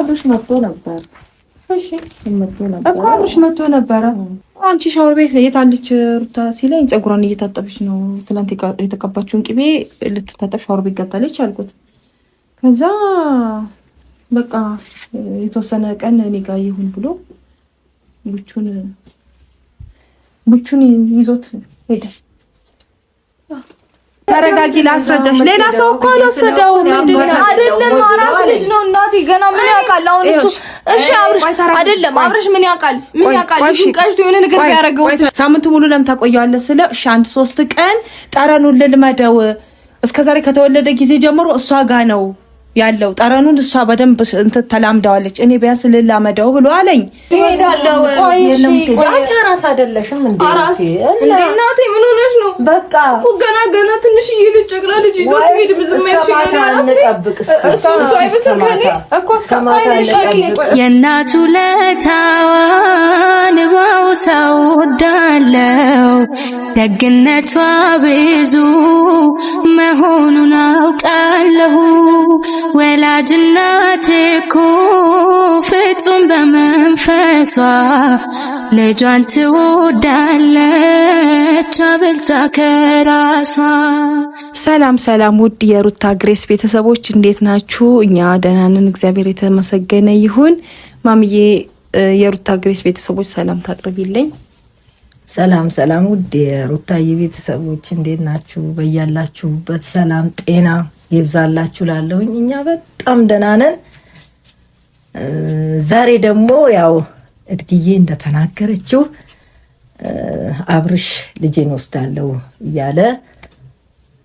አብሮሽ መጥቶ ነበር እኮ አብሮሽ መጥቶ ነበረ። አንቺ ሻወር ቤት የታለች ሩታ ሲለኝ ፀጉሯን እየታጠበች ነው፣ ትናንት የተቀባችውን ቅቤ ልትታጠብ ሻወር ቤት ገብታለች አልኩት። ከዛ በቃ የተወሰነ ቀን እኔ ጋ ይሁን ብሎ ቡቹን ቡቹን ይዞት ሄደ። ተረጋጊ፣ ላስረዳሽ። ሌላ ሰው እኮ አልወሰደውም። አይደለም አራስ ልጅ ነው እናቴ። ገና ምን ያውቃል? አሁን እሱ እሺ፣ አብርሽ አይደለም አብርሽ ምን ያውቃል? ምን ያውቃል? ልጁን ቀጅቶ የሆነ ነገር ቢያደርገው ሳምንቱ ሙሉ ለምን ታቆየዋለህ ስለው፣ እሺ አንድ ሶስት ቀን ጠረኑን ልልመደው፣ እስከዛሬ ከተወለደ ጊዜ ጀምሮ እሷ ጋ ነው ያለው ጠረኑን እሷ በደንብ እንትን ተላምደዋለች። እኔ ቢያንስ ልላመደው ብሎ አለኝ። አንቺ አራስ አይደለሽም እንዴ? አራስ እንዴ? እናቴ ምን ሆነሽ ነው? በቃ እኮ ገና ገና ጨቅላ ልጅ ይዞ ሲሄድ ያልሽኝ የእናቱ ለታዋን ንባው ሰው ወዳለው ደግነቷ ብዙ መሆኑን አውቃለሁ ወላጅ እናት እኮ ፍጹም በመንፈሷ ልጇን ትወዳለች አብልጣ ከራሷ። ሰላም ሰላም! ውድ የሩታ ግሬስ ቤተሰቦች እንዴት ናችሁ? እኛ ደህና ነን፣ እግዚአብሔር የተመሰገነ ይሁን። ማምዬ የሩታ ግሬስ ቤተሰቦች ሰላም ታቅርቢልኝ። ሰላም ሰላም! ውድ የሩታዬ ቤተሰቦች እንዴት ናችሁ? በያላችሁበት ሰላም ጤና ይብዛላችሁ ላለሁኝ እኛ በጣም ደህና ነን። ዛሬ ደግሞ ያው እድግዬ እንደተናገረችው አብርሽ ልጄን ወስዳለሁ እያለ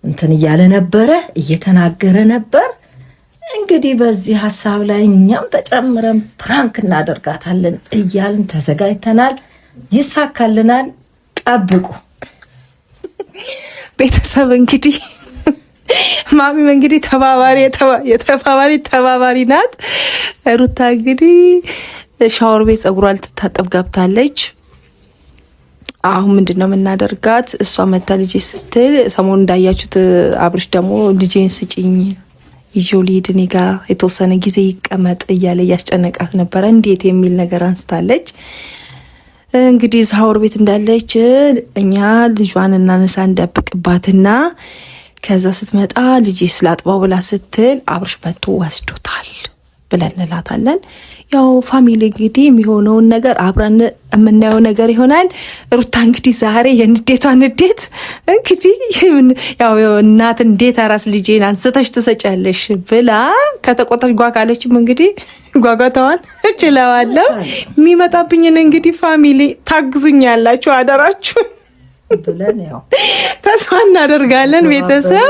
እንትን እያለ ነበረ እየተናገረ ነበር። እንግዲህ በዚህ ሀሳብ ላይ እኛም ተጨምረን ፕራንክ እናደርጋታለን እያልን ተዘጋጅተናል። ይሳካልናል፣ ጠብቁ ቤተሰብ እንግዲህ ማሚም እንግዲህ ተባባሪ የተባባሪ ተባባሪ ናት። ሩታ እንግዲህ ሻወር ቤት ጸጉሯ ልትታጠብ ገብታለች። አሁን ምንድን ነው የምናደርጋት? እሷ መታ ልጅ ስትል ሰሞኑ እንዳያችሁት አብርሽ ደግሞ ልጄን ስጭኝ ይዤው ልሂድ እኔ ጋ የተወሰነ ጊዜ ይቀመጥ እያለ እያስጨነቃት ነበረ። እንዴት የሚል ነገር አንስታለች። እንግዲህ ሻወር ቤት እንዳለች እኛ ልጇን እናነሳ እንደብቅባትና ከዛ ስትመጣ ልጅ ስላጥባው ብላ ስትል አብርሽ መቶ ወስዶታል ብለን እንላታለን። ያው ፋሚሊ እንግዲህ የሚሆነውን ነገር አብረን የምናየው ነገር ይሆናል። ሩታ እንግዲህ ዛሬ የንዴቷ ንዴት እንግዲህ ያው እናት እንዴት አራስ ልጄን አንስተሽ ትሰጫለሽ ብላ ከተቆጣች ጓጋለችም እንግዲህ ጓጓታዋን እችለዋለሁ። የሚመጣብኝን እንግዲህ ፋሚሊ ታግዙኛላችሁ አደራችሁን ብለን ያው ተስፋ እናደርጋለን። ቤተሰብ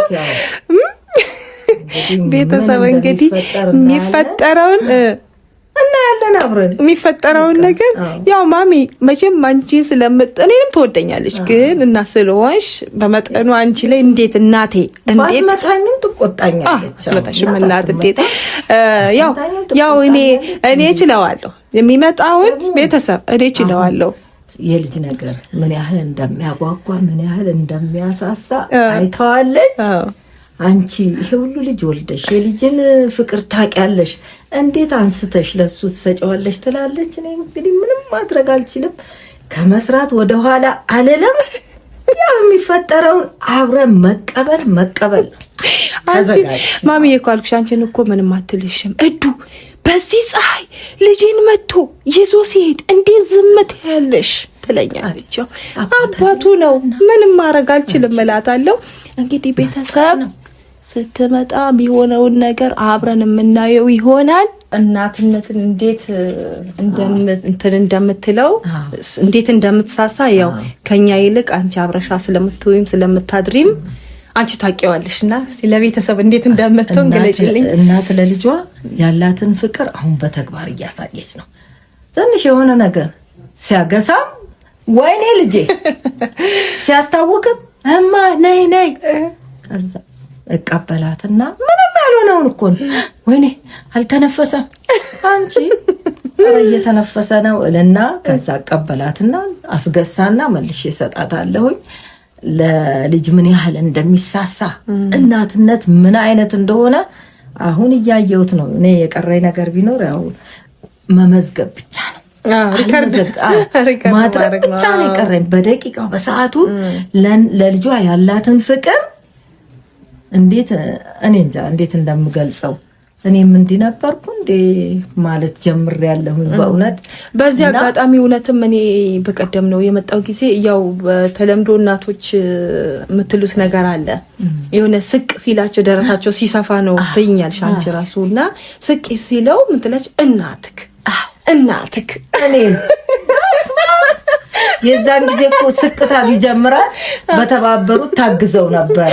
ቤተሰብ እንግዲህ የሚፈጠረውን እናያለን አብረን የሚፈጠረውን ነገር ያው ማሚ መቼም አንቺ ስለምጥ እኔንም ትወደኛለች ግን እና ስለሆንሽ በመጠኑ አንቺ ላይ እንዴት እናቴ እንዴት መታኝም ትቆጣኛለች። እናት እንዴት ያው ያው እኔ እኔ እችለዋለሁ የሚመጣውን ቤተሰብ እኔ እችለዋለሁ የልጅ ነገር ምን ያህል እንደሚያጓጓ ምን ያህል እንደሚያሳሳ አይተዋለች። አንቺ ይሄ ሁሉ ልጅ ወልደሽ የልጅን ፍቅር ታውቂያለሽ፣ እንዴት አንስተሽ ለሱ ትሰጨዋለሽ? ትላለች። እኔ እንግዲህ ምንም ማድረግ አልችልም፣ ከመስራት ወደኋላ አልልም። ያ የሚፈጠረውን አብረን መቀበል መቀበል። ማሚዬ እኮ አልኩሽ፣ አንቺን እኮ ምንም አትልሽም እዱ በዚህ ፀሐይ ልጄን መጥቶ ይዞ ሲሄድ እንዴት ዝምት ያለሽ ትለኛለች። አባቱ ነው ምንም ማድረግ አልችልም እላታለሁ። እንግዲህ ቤተሰብ ስትመጣ የሆነውን ነገር አብረን የምናየው ይሆናል። እናትነትን እንዴት እንትን እንደምትለው እንዴት እንደምትሳሳ ያው ከኛ ይልቅ አንቺ አብረሻ ስለምትውይም ስለምታድሪም አንቺ ታውቂዋለሽ እና ለቤተሰብ እንዴት እንደመተውን ግለጭልኝ። እናት ለልጇ ያላትን ፍቅር አሁን በተግባር እያሳየች ነው። ትንሽ የሆነ ነገር ሲያገሳም ወይኔ ልጄ ሲያስታውቅም እማ ነይ ነይ ከዛ እቀበላትና ምንም ያልሆነውን እኮ ነው። ወይኔ አልተነፈሰም አንቺ እየተነፈሰ ነው እልና ከዛ እቀበላትና አስገሳና መልሼ እሰጣታለሁኝ። ለልጅ ምን ያህል እንደሚሳሳ እናትነት ምን አይነት እንደሆነ አሁን እያየሁት ነው። እኔ የቀረኝ ነገር ቢኖር ያው መመዝገብ ብቻ ነው። ማድረግ ብቻ ነው የቀረኝ። በደቂቃ በሰዓቱ ለልጇ ያላትን ፍቅር እንዴት እኔ እንጃ እንዴት እንደምገልጸው እኔም እንዲህ ነበርኩ እንዴ ማለት ጀምር ያለሁኝ በእውነት በዚህ አጋጣሚ እውነትም እኔ በቀደም ነው የመጣው ጊዜ ያው በተለምዶ እናቶች የምትሉት ነገር አለ የሆነ ስቅ ሲላቸው ደረታቸው ሲሰፋ ነው ትይኛል ሻንቺ ራሱ እና ስቅ ሲለው ምትለች እናትክ እናትክ እኔ የዛን ጊዜ እኮ ስቅታ ቢጀምራል በተባበሩት ታግዘው ነበረ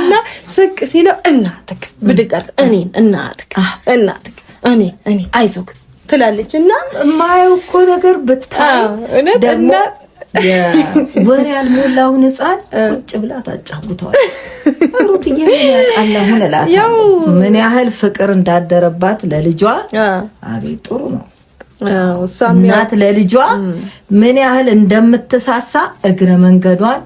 እና ስቅ ሲለው እናትክ ብድቀር አድርግ እኔን እናትክ እናትክ እኔ እኔ አይዞክ ትላለች እና የማየው እኮ ነገር ብታይ ደግሞ ወሬ ያልሞላውን ሕፃን ቁጭ ብላ ታጫውተዋል። ሩትዬ ምን ያውቃል አሁን እላታለሁ ምን ያህል ፍቅር እንዳደረባት ለልጇ። አቤት ጥሩ ነው። እናት ለልጇ ምን ያህል እንደምትሳሳ እግረ መንገዷን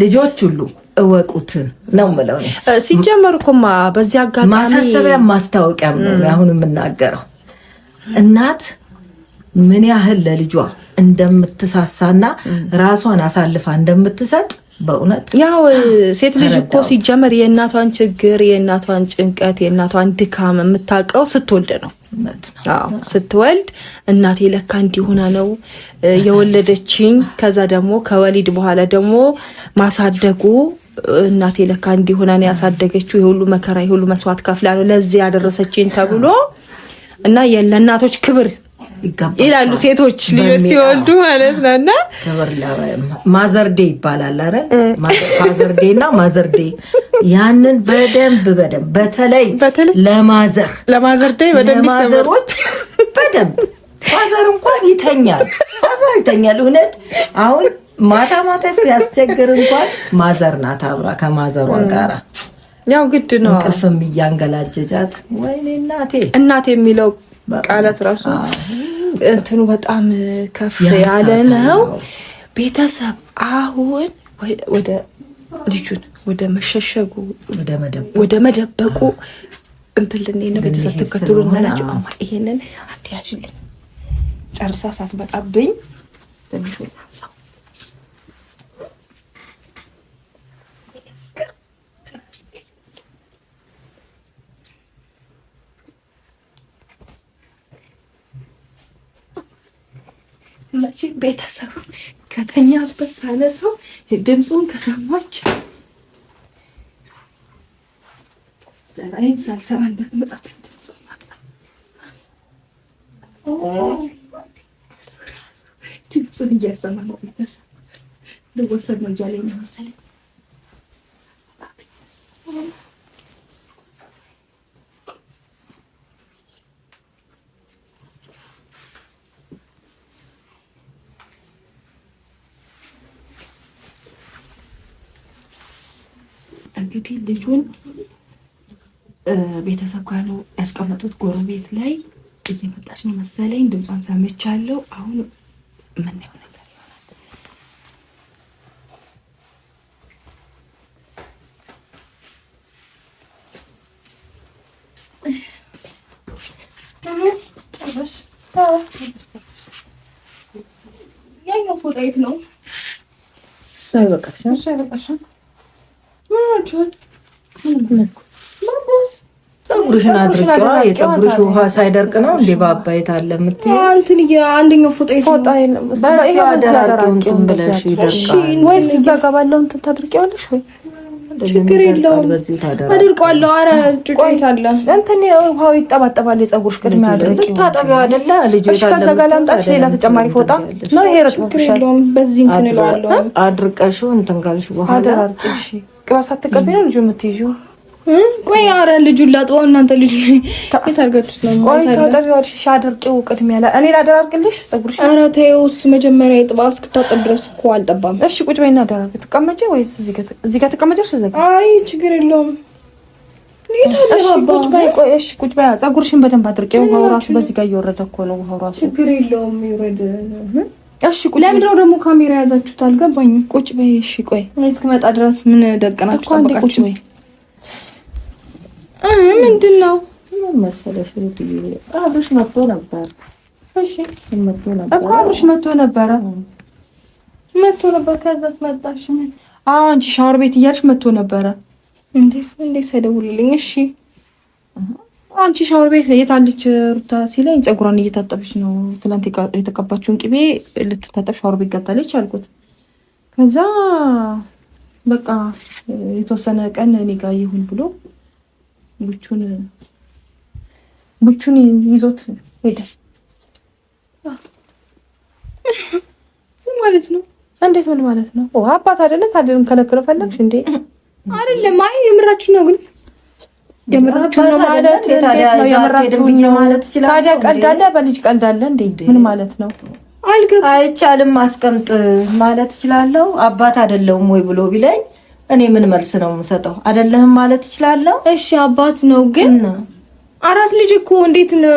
ልጆች ሁሉ እወቁት ነው ምለው። ሲጀመር እኮማ በዚህ አጋጣሚ ማሳሰቢያ ማስታወቂያ ነው አሁን የምናገረው። እናት ምን ያህል ለልጇ እንደምትሳሳና ራሷን አሳልፋ እንደምትሰጥ በእውነት ያው ሴት ልጅ እኮ ሲጀመር የእናቷን ችግር፣ የእናቷን ጭንቀት፣ የእናቷን ድካም የምታውቀው ስትወልድ ነው። ስትወልድ እናቴ ለካ እንዲሆና ነው የወለደችኝ። ከዛ ደግሞ ከወሊድ በኋላ ደግሞ ማሳደጉ እናቴ ለካ እንዲሆና ነው ያሳደገችው፣ የሁሉ መከራ የሁሉ መስዋዕት ከፍላ ነው ለዚህ ያደረሰችኝ ተብሎ እና ለእናቶች ክብር ይላሉ ሴቶች ልጆች ሲወልዱ ማለት ነው። እና ማዘርዴ ይባላል። አረ ማዘርዴ እና ማዘርዴ ያንን በደንብ በደንብ በተለይ ለማዘር ለማዘርዴ በደንብ ይሰበሮች በደንብ ፋዘር እንኳን ይተኛል። ፋዘር ይተኛል። እውነት አሁን ማታ ማታ ሲያስቸግር እንኳን ማዘር ናት አብራ ከማዘሯ ጋራ ያው ግድ ነው። እንቅልፍም እያንገላጀጃት ወይኔ እናቴ እናቴ የሚለው ቃላት ራሱ እንትኑ በጣም ከፍ ያለ ነው። ቤተሰብ አሁን ወደ ልጁን ወደ መሸሸጉ ወደ መደበቁ እንትን ልንሄድ ነው። ቤተሰብ ተከትሎ ናቸው። አማ ይሄንን አንድ ያዥልኝ ጨርሳ ሳትመጣብኝ ትንሹ መቼ ቤተሰብ ከተኛበት ሳነሳው ድምፁን ከሰማች ስራዬን ሳልሰራ እንዳትመጣት ድምፁን ድምፁን እያሰማ ነው ቤተሰብ ልወሰድ ነው እያለኝ መሰለኝ እንግዲህ ልጁን ቤተሰብ ጋር ነው ያስቀመጡት። ጎረቤት ላይ እየመጣች ነው መሰለኝ፣ ድምጿን ሰምቻለሁ። አሁን ምናየው ነገር ይሆናል። ያኛው ፎጣ የት ነው? እሱ አይበቃሽም፣ እሱ አይበቃሽም ፀጉርሽን አድርጌዋ ውሃ ሳይደርቅ ነው እንዴ? በአባይት አለ የምትይው እንትን አንደኛው ፎጣ ፎጣ እዛ ጋ ባለው እንትን ታድርቂዋለሽ ወይ? ችግር የለውም አድርቀዋለሁ። ኧረ ጭቆይት አለ እንትን ውሃው ይጠባጠባል። የፀጉርሽ ቅድሚያ አድርቂ። ታጠቢው አይደለ ልጅ? እሺ፣ ከዛ ጋር ላምጣልሽ ሌላ ተጨማሪ ፎጣ ነው ይሄ። ረጭ ብሻል። በዚህ እንትን እለዋለሁ። አድርቀሽው እንትን ካልሽ በኋላ ቅባት ሳትቀቢ ነው ልጁ የምትይዥው? ቆይ ኧረ ልጁን ላጥበው። እናንተ ልጁ የት አድርጋችሁት ነው? ቆይ ታጠቢዋለሽ። አድርቂው ቅድሚያ እኔ ላደራርግልሽ ፀጉርሽ። ኧረ ተይው፣ እሱ መጀመሪያ ይጥባ። እስክታጠብ ድረስ እኮ አልጠባም። እሺ ቁጭ በይ እና ትቀመጪ ወይስ እዚህ ጋር ትቀመጫለሽ? አይ ችግር የለውም። ፀጉርሽን በደንብ አድርቂው። ውሃው ራሱ በዚህ ጋር እየወረደ እኮ ነው። ውሃው ራሱ ችግር የለውም ይውረድ እሺ ቆይ፣ ለምንድን ነው ደግሞ ካሜራ ያዛችሁት? አልገባኝም። ቁጭ በይ። እሺ ቆይ፣ እስክመጣ ድረስ ምን ደቀናችሁ? ቁጭ በይ። ምንድን ነው መሰለሽ አብሮሽ መጥቶ ነበር። እሺ መጥቶ እኮ አብሮሽ መጥቶ ነበረ፣ መጥቶ ነበር። ከዛስ መጣሽ? ምን? አዎ፣ አንቺ ሻወር ቤት እያልሽ መጥቶ ነበረ። እንዴት እንዴት ሳይደውልልኝ? እሺ አንቺ ሻወር ቤት የታለች ሩታ ሲለኝ ፀጉሯን እየታጠበች ነው፣ ትናንት የተቀባችውን ቅቤ ልትታጠብ ሻወር ቤት ገብታለች አልኩት። ከዛ በቃ የተወሰነ ቀን እኔ ጋ ይሁን ብሎ ቡቹን ቡቹን ይዞት ሄደ ማለት ነው። እንዴት ምን ማለት ነው? አባት አይደለም ታዲያ ከለክለው ፈለግሽ እንዴ? አይደለም። አይ የምራችሁ ነው ግን የምራችሁ ነው ማለት እንዴት ነው? የምራችሁ ነው ማለት ይችላል። ታዲያ ቀልዳለ በልጅ ቀልዳለ እንዴ? ምን ማለት ነው? አልገብ አይቻልም። አስቀምጥ ማለት እችላለሁ። አባት አይደለሁም ወይ ብሎ ቢለኝ እኔ ምን መልስ ነው የምሰጠው? አይደለህም ማለት እችላለሁ። እሺ አባት ነው ግን አራስ ልጅ እኮ እንዴት ነው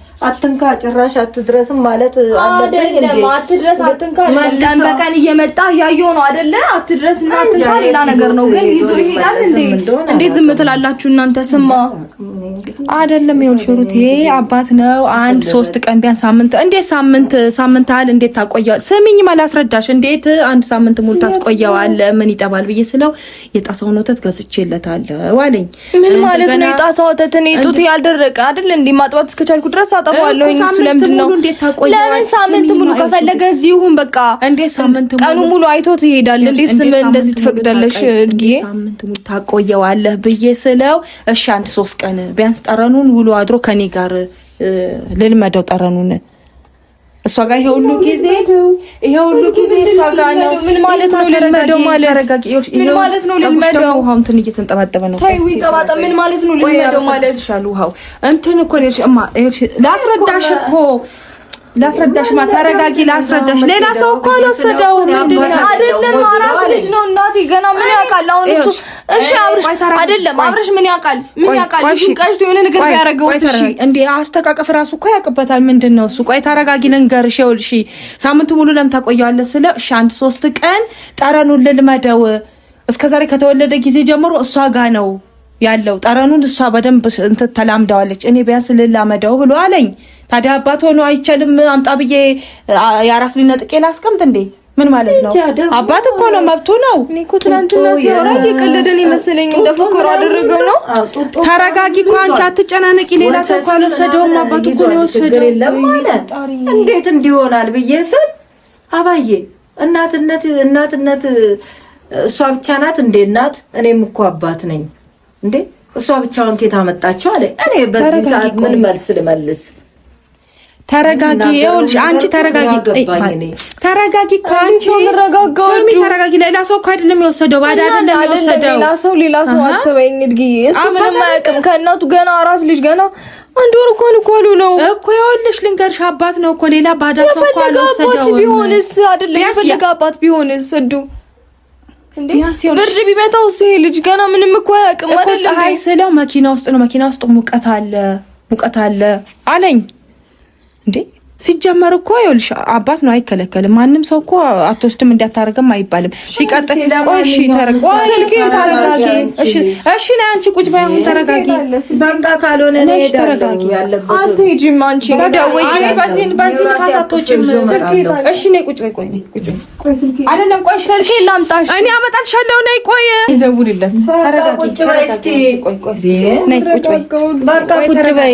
አትንካ ጭራሽ አትድረስም ማለት አለብኝ እንዴ? አትድረስ አትንካ ቀን በቀን እየመጣ ያየው ነው አይደለ? አትድረስ እና አትንካ ሌላ ነገር ነው፣ ግን ይዞ ይሄዳል እንዴ? እንዴት ዝም ትላላችሁ እናንተ? ስማ አይደለም ይሁን ሩት ይሄ አባት ነው። አንድ ሶስት ቀን ቢያንስ ሳምንት፣ እንዴት ሳምንት ሳምንት አለ እንዴት ታቆየዋል? ማለት አስረዳሽ እንዴት አንድ ሳምንት ሙሉ ታስቆየዋል? ምን ይጠባል ብዬ ስለው የጣሳውን ወተት ገዝቼለታለሁ አለኝ። ምን ማለት ነው? የጣሳ ወተትን ጡት ያልደረቀ አይደል እንዴ? ማጥባት እስከቻልኩ ድረስ አጣ አገባዋለሁኝ። እሱ ለምንድን ነው ለምን ሳምንት ሙሉ ከፈለገ እዚህ ይሁን በቃ። ሳምንት ሙሉ ቀኑ ሙሉ አይቶት ይሄዳል። እንዴት ስም እንደዚህ ትፈቅዳለሽ? ጊዜ ሳምንት ሙሉ ታቆየዋለህ ብዬ ስለው እሺ አንድ ሶስት ቀን ቢያንስ ጠረኑን ውሎ አድሮ ከኔ ጋር ልልመደው ጠረኑን እሷ ጋር ይሄ ሁሉ ጊዜ ይሄ ሁሉ ጊዜ እሷ ጋር ነው። ምን ማለት ነው? ልልመደው ማለት ምን ማለት ነው? እየተንጠባጠበ ነው። ምን ማለት ነው? ልልመደው ማለት እንትን እኮ ላስረዳሽ እኮ ላስረዳሽ ማ ተረጋጊ፣ ላስረዳሽ። ሌላ ሰው እኮ አልወሰደውም። አይደለም አራስ ልጅ ነው እናቴ፣ ገና ምን ያውቃል? አሁን እሱ እሺ፣ አብርሽ አይደለም አብርሽ ምን ያውቃል? ምን ያውቃል? እሺ ቀሽቶ የሆነ ነገር ያደረገው እሺ፣ እንዴ አስተቃቀፍ ራሱ እኮ ያውቅበታል። ምንድን ነው እሱ? ቆይ ተረጋጊ፣ ልንገርሽ። ይኸውልሽ ሳምንቱ ሙሉ ለምን ታቆየዋለህ? ስለ እሺ፣ አንድ ሶስት ቀን ጠረኑን ልልመደው። እስከዛሬ ከተወለደ ጊዜ ጀምሮ እሷ ጋ ነው ያለው ጠረኑን እሷ በደንብ ተላምደዋለች። እኔ ቢያንስ ልላመደው ብሎ አለኝ። ታዲያ አባት ሆኖ አይቻልም። አምጣ ብዬ የአራስ ሊነጥቄ ላስቀምጥ እንዴ? ምን ማለት ነው? አባት እኮ ነው፣ መብቱ ነው። ትናንትና ሲያወራ እየቀለደን ይመስለኝ እንደፈከሩ አደረገው ነው። ተረጋጊ እኮ አንቺ አትጨናነቂ። ሌላ ሰው እኮ አልወሰደውም፣ አባቱ እኮ ነው የወሰደው። እንዴት እንዲሆናል ብዬ ስል አባዬ እናትነት እናትነት እሷ ብቻ ናት እንዴ? እናት እኔም እኮ አባት ነኝ እንዴ እሷ ብቻውን ኬት አመጣቸው አለ። እኔ በዚህ ሰዓት ምን መልስ ልመልስ? ተረጋጊ ይኸውልሽ፣ አንቺ ተረጋጊ፣ ተረጋጊ እኮ አንቺ ስሚ፣ ተረጋጊ። ሌላ ሰው እኮ አይደለም የወሰደው፣ ባዳ አይደለም የወሰደው። ሌላ ሰው ሌላ ሰው አትበይኝ እድግዬ። እሱ ምንም አያውቅም። ከእናቱ ገና አራስ ልጅ ገና አንድ ወር እኮ ንኮሉ ነው እኮ። ይኸውልሽ ልንገርሽ፣ አባት ነው እኮ ሌላ ባዳ ሰው እኮ አልወሰደውም። የፈለገ አባት ቢሆንስ አይደለም የፈለገ አባት ቢሆንስ እንዱ ብር ቢመታው ይሄ ልጅ ገና ምንም እኮ አያውቅም። ፀሐይ ስለው መኪና ውስጥ ነው። መኪና ውስጥ ሙቀት አለ ሙቀት አለ አለኝ እንዴ ሲጀመር እኮ ይኸውልሽ አባት ነው አይከለከልም። ማንም ሰው እኮ አትወስድም እንዳታረገም አይባልም። ሲቀጥል እሺ ተረጋጊ፣ እሺ እሺ፣ ነይ አንቺ ቁጭ በይ አሁን ተረጋጊ። በቃ ካልሆነ ነይ ተረጋጊ። አትሄጂም አንቺ ደውዬ አንቺ በዚህ በዚህ ንፋስ አትወጪም። እሺ ነይ ቁጭ በይ። ቆይ ነይ ቁጭ በይ አይደለም፣ ቆይ ስልኬን ላምጣሽ እኔ አመጣልሻለሁ። ነይ ቆይ ደውልለት። ተረጋጊ፣ ቁጭ በይ እስኪ። ቆይ ቆይ ነይ ቁጭ በይ በቃ ቁጭ በይ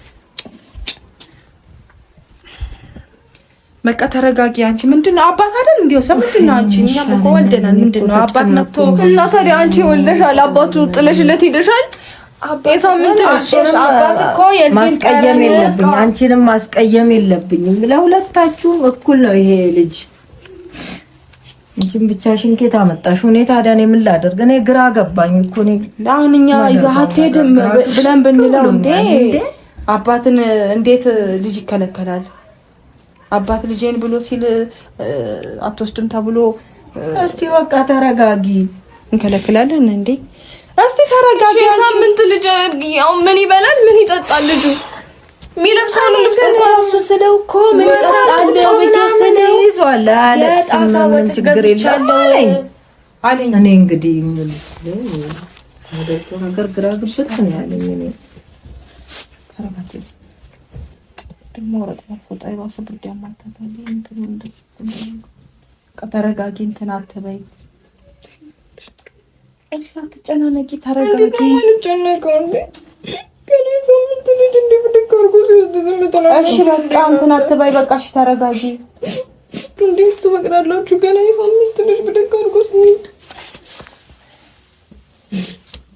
በቃ ተረጋጊ። አንቺ ምንድነው አባት አይደል? እንዲያው ሰው ምንድነው አንቺ እኛም እኮ ወልደናል። ምንድነው አባት መጥቶ እና ታዲያ አንቺ ወልደሻል፣ አባቱ ጥለሽለት ሄደሻል። የሳምንት አባት እኮ ማስቀየም የለብኝ አንቺንም ማስቀየም የለብኝም። ለሁለታችሁም እኩል ነው ይሄ ልጅ። አንቺም ብቻሽን ከየት አመጣሽ? ሁኔታ ዳኔ ምን ላደርግ? እኔ ግራ ገባኝ እኮ እኔ አሁን እኛ ይዘህ አትሄድም ብለን ብንለው እንዴ አባትን እንዴት ልጅ ይከለከላል? አባት ልጄን ብሎ ሲል አትወስድም ተብሎ እስቲ በቃ ተረጋጊ። እንከለክላለን እንዴ? እስቲ ተረጋጊ። ሳምንት ልጅ ያው ምን ይበላል ምን ይጠጣል ልጁ የሚለብሰው ልብስ እሱ ስለው እኮ ምን ይጠጣል ብዬ ይዟል አለቅስ ምናምን ችግር የለም አለኝ። እኔ እንግዲህ ነገር ግራ ግብት ነው ያለኝ እኔ ተረጋጊ መውረጥ ፎጣ የባሰ ብርድ ያማታታል። እንትን እንደስ ተረጋጊ፣ እንትን አትበይ፣ ትጨናነቂ፣ ተረጋጊ። እሺ በቃ እንትን አትበይ፣ በቃ እሺ፣ ተረጋጊ። እንዴት ትበቅላላችሁ? ገና የሳምንት ልጅ ብድግ አድርጎ ሲሄድ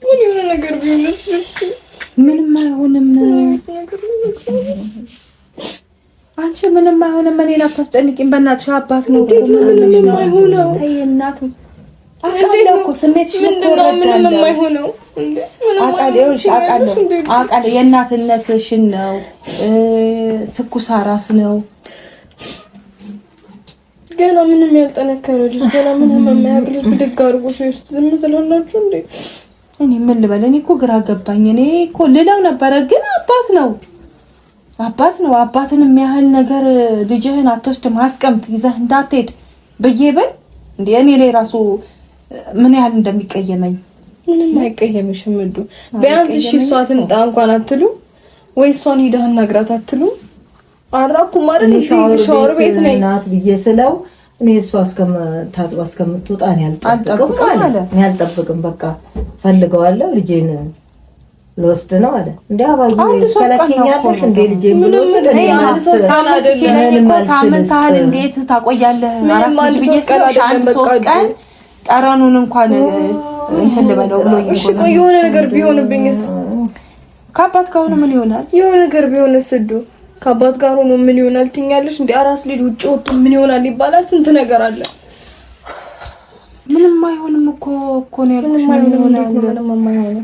ምን የሆነ ነገር ቢሆን ምንም አይሆንም። አንቺ ምንም አይሆንም። እኔን አታስጨንቂም። በእናትሽ አባት ነው እንዴት ምንም የማይሆነው? ተይ እናት አውቃለሁ እኮ ስሜትሽ ምንም የማይሆነው አውቃለሁ። የእናትነትሽን ነው ትኩሳ ራስ ነው። ገና ምንም ያልጠነከረ ልጅ፣ ገና ምንም የማያውቅ ልጅ ብድግ አድርጎ ሲወስድ ዝም ትላላችሁ እንዴ? እኔ ምን ልበል? እኔ እኮ ግራ ገባኝ። እኔ እኮ ልለው ነበረ ግን አባት ነው አባት ነው። አባትን የሚያህል ነገር ልጅህን አትወስድም፣ አስቀምጥ፣ ይዘህ እንዳትሄድ ብዬ ብል እንደ እኔ ላይ ራሱ ምን ያህል እንደሚቀየመኝ። ምንም አይቀየምሽም። እዱ ቢያንስ እሺ እሷ ትምጣ እንኳን አትሉ ወይ እሷን ሂደህ አናግራት አትሉ። አራኩ ማለት ሻወር ቤት ነኝ ናት ብዬ ስለው እኔ እሷ እስከምታጥባ እስከምትወጣ እኔ አልጠብቅም አለ። እኔ አልጠብቅም፣ በቃ ፈልገዋለሁ ልጄን ልወስድ ነው አለ። እንደ አባዬ ተለኪኛለሽ እንደ ልጄ ብሎ እንዴት ታቆያለህ? አራስ ልጅ ብዬ ስለሽ አንድ ሶስት ቀን ጠረኑን እንኳን እንትን ልበለው ብሎ የሆነ ነገር ቢሆንብኝስ? ከአባት ጋር ሆኖ ምን ይሆናል? የሆነ ነገር ቢሆን ስዱ ከአባት ጋር ሆኖ ምን ይሆናል? ትኛለሽ እንደ አራስ ልጅ ውጭ ወጥቶ ምን ይሆናል ይባላል። ስንት ነገር አለ። ምንም አይሆንም እኮ እኮ ነው ያልኩሽ። ምንም አይሆንም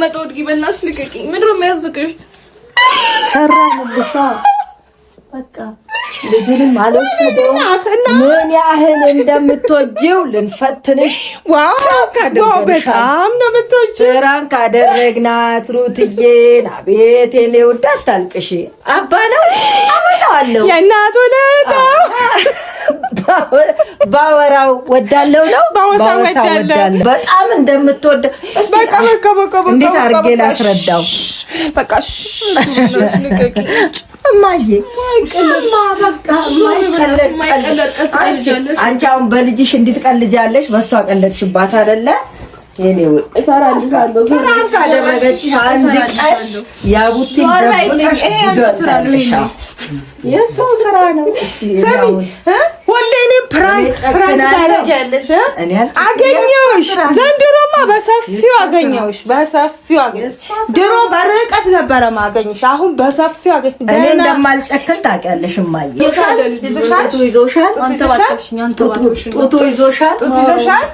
ተቀመጠ ወድቂ። በእናትሽ ልቀቂኝ። ምንድነው የሚያዝቅሽ? ሰራሁልሻ በቃ ልጅንም ማለት ምን ያህል እንደምትወጂው ልንፈትንሽ። ዋው በጣም ነው የምትወጂው። ራን ካደረግናት ሩትዬን አቤት የኔ ውዳት ታልቅሽ አባ ነው አመጣዋለሁ የእናት ውለታ ባወራው ወዳለው ነው ባወሳ ወዳለው በጣም እንደምትወደው በቃ በቃ በቃ እንዴት አድርጌ ላስረዳው? በቃ እማዬ አንቺ አሁን በልጅሽ እንድትቀልጃለሽ በሷ ቀለድሽባት አይደለ? የኔ ውድ ፈራንካ አደረገች። አንድ ቀን ያቡቲ ደብቀሽ ጉዳለሻ የእሱ ስራ ነው። እኔም ፕራንክ ፕራንክ ታደርጊያለሽ። አገኘሁሽ፣ ዘንድሮማ በሰፊው አገኘሁሽ፣ በሰፊው አገኘሁሽ። ድሮ በርቀት ነበረ ማገኘሽ፣ አሁን በሰፊው አገኘሁሽ። እኔ እንደማልጨክን ታውቂያለሽ። ጡቱ ይዞሻል፣ ጡቱ ይዞሻል፣ ጡቱ ይዞሻል።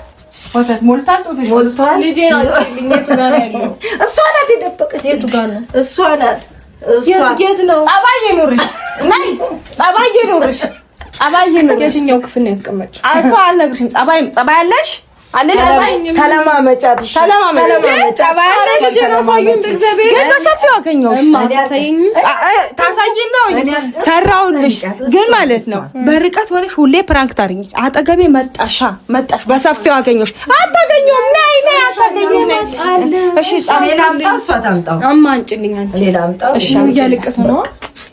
እሷ ጸባይ ነው። የትኛው ክፍል ነው ያስቀመጥሽው? እሱ አልነግርሽም። ጸባይ ጸባይ አለሽ ተለማመጫት ግን ማለት ነው በርቀት ሆነሽ ሁሌ ፕራንክ አጠገቤ መጣሻ መጣሽ፣ በሰፊው አገኘሁሽ። አታገኘውም። ነይ ነይ፣ አታገኘውም። እሺ፣ ሌላ አምጣው፣ እሷ ታምጣው። አማ አንጭልኝ፣ እሺ፣ እያለቀሰ ነው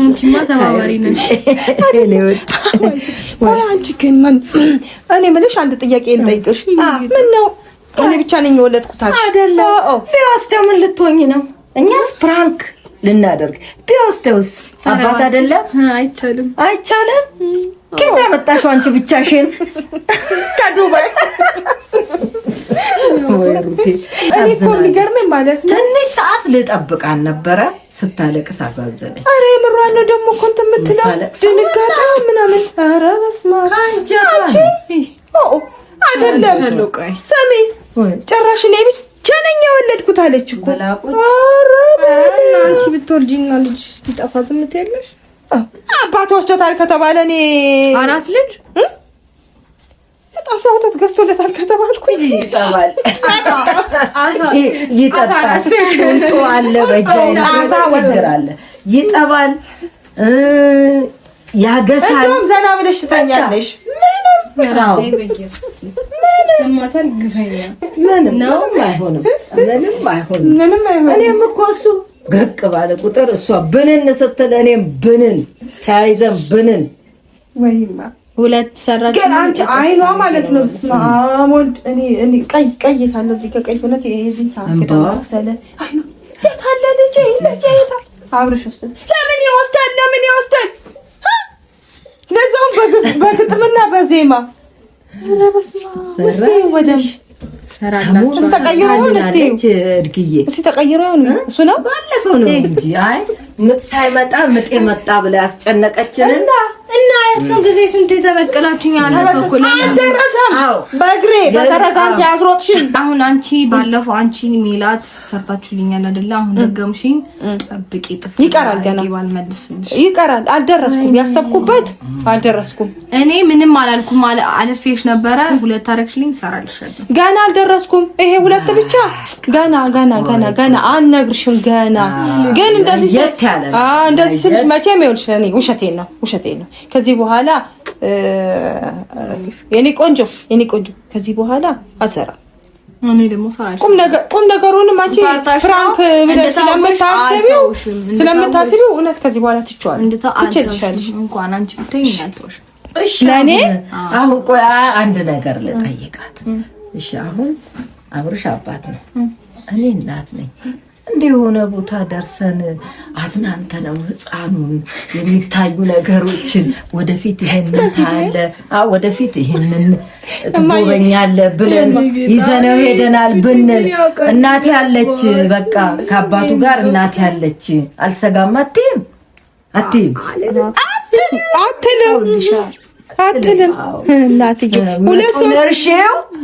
አንቺማ ተባባሪ ነሽ። አንቺ ግን እኔ የምልሽ አንድ ጥያቄ ልጠይቅሽ። ምን ነው እኔ ብቻ ነኝ የወለድኩት አይደለም? ቢያስ ደግሞ ልትሆኝ ነው እኛስ ፕራንክ ልናደርግ ቢወስደውስ አባት አይደለም። አይቻልም፣ አይቻልም። ጌታ መጣሽው አንቺ ብቻሽን ከዱባይ ሚገርም ማለት ነው። ትንሽ ሰዓት ልጠብቃን አልነበረ ስታለቅስ አሳዘነች። አረ የምሯ ነው ደግሞ እኮ እንትን የምትለው ድንጋጤ ምናምን። አረ በስመ አብ አይደለም። ስሚ ጭራሽ እኔ ብቻ ነኝ የወለድኩት አለች እኮ አረ አንቺ ብትወልጂና ልጅ ቢጠፋ ዝም ትያለሽ? አባት ወስዶታል ከተባለ እኔ አራስ ልጅ ጣሳ ወተት ገዝቶለታል ከተባልኩ ይጠባል። ይጠባል፣ ያገሳል። ዘና ብለሽ ትተኛለሽ። ምንም አይሆንም። ምንም አይሆንም። እኔም እኮ እሱ ገቅ ባለ ቁጥር እሷ ብንን ስትል እኔም ብንን ተያይዘን ብንን ሁለት ሰራች። ግን አንቺ አይኗ ማለት ነው ስማ ወልድ እኔ እኔ ቀይ ቀይ ታለ እዚህ ከቀይ ሁለት የዚህ ሰዓት ከደረሰለ አይኗ የታለ ልጅ ልጅ የታ አብርሽ ወስደን ለምን ይወስዳል? ለምን ይወስዳል? ለዛውም በግጥምና በዜማ ረበስማ ወስደን ወደም ተቀይሮ እሱ ነው ባለፈው ነው እንጂ አይ ምጥ ሳይመጣ ምጤ መጣ ብለ ያስጨነቀችን እና የእሱን ጊዜ ስንት የተበቀላችሁ ያለፈ እኮ አልደረሰም። በእግሬ በተረጋጋ አስሮጥሽኝ። አሁን አንቺ ባለፈው አንቺ ሚላት ሰርታችሁልኛል አይደለ? አሁን ደገምሽኝ። ጠብቂ፣ ጥፍ ይቀራል፣ ገና ባልመልስልሽ ይቀራል። አልደረስኩም፣ ያሰብኩበት አልደረስኩም። እኔ ምንም አላልኩም፣ አልፌሽ ነበረ። ሁለት አረግሽልኝ፣ እሰራልሻለሁ። ገና አልደረስኩም። ይሄ ሁለት ብቻ ገና ገና ገና ገና አልነግርሽም። ገና ግን እንደዚህ ስልሽ መቼም ይኸውልሽ፣ እኔ ውሸቴን ነው ውሸቴን ነው ከዚህ በኋላ የኔ ቆንጆ የኔ ቆንጆ ከዚህ በኋላ አሰራ ቁም ነገሩንም አንቺ ፍራንክ ብለሽ ስለምታስቢው ስለምታስቢው እውነት ከዚህ በኋላ ትችዋለሽ ትችልሻለሽ። ለእኔ አሁን ቆይ አንድ ነገር ልጠይቃት። እሺ አሁን አብርሽ አባት ነው፣ እኔ እናት ነኝ። እንደ የሆነ ቦታ ደርሰን አዝናንተ ነው ህፃኑን የሚታዩ ነገሮችን ወደፊት ይህንን ታለ ወደፊት ይህንን ትጎበኛለ ብለን ይዘነው ሄደናል ብንል እናቴ ያለች በቃ ከአባቱ ጋር እናቴ ያለች አልሰጋም አትይም አትይም አትልም አትልም እናትዬ፣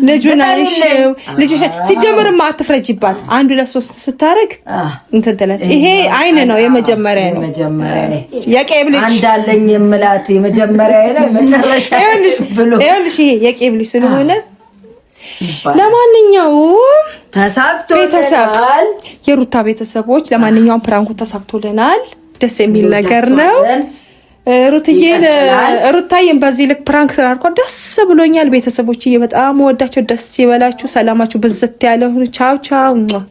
ልጁን አይሽው ልጅሽ ሲጀምርማ አትፍረጅባት። አንድ እንትን ይሄ አይን ነው የመጀመሪያ ነው የቄብ ልጅ አንዳለኝ የምላት የመጀመሪያ ይኸውልሽ፣ ይሄ የቄብ ልጅ ስለሆነ ለማንኛውም ቤተሰብ የሩታ ቤተሰቦች፣ ለማንኛውም ፕራንኩ ተሳክቶልናል። ደስ የሚል ነገር ነው። ሩትዬን ሩታዬን በዚህ ልክ ፕራንክ ስላልኳ ደስ ብሎኛል። ቤተሰቦችዬ በጣም ወዳቸው። ደስ ይበላችሁ። ሰላማችሁ ብዝት ያለሁ። ቻው ቻው።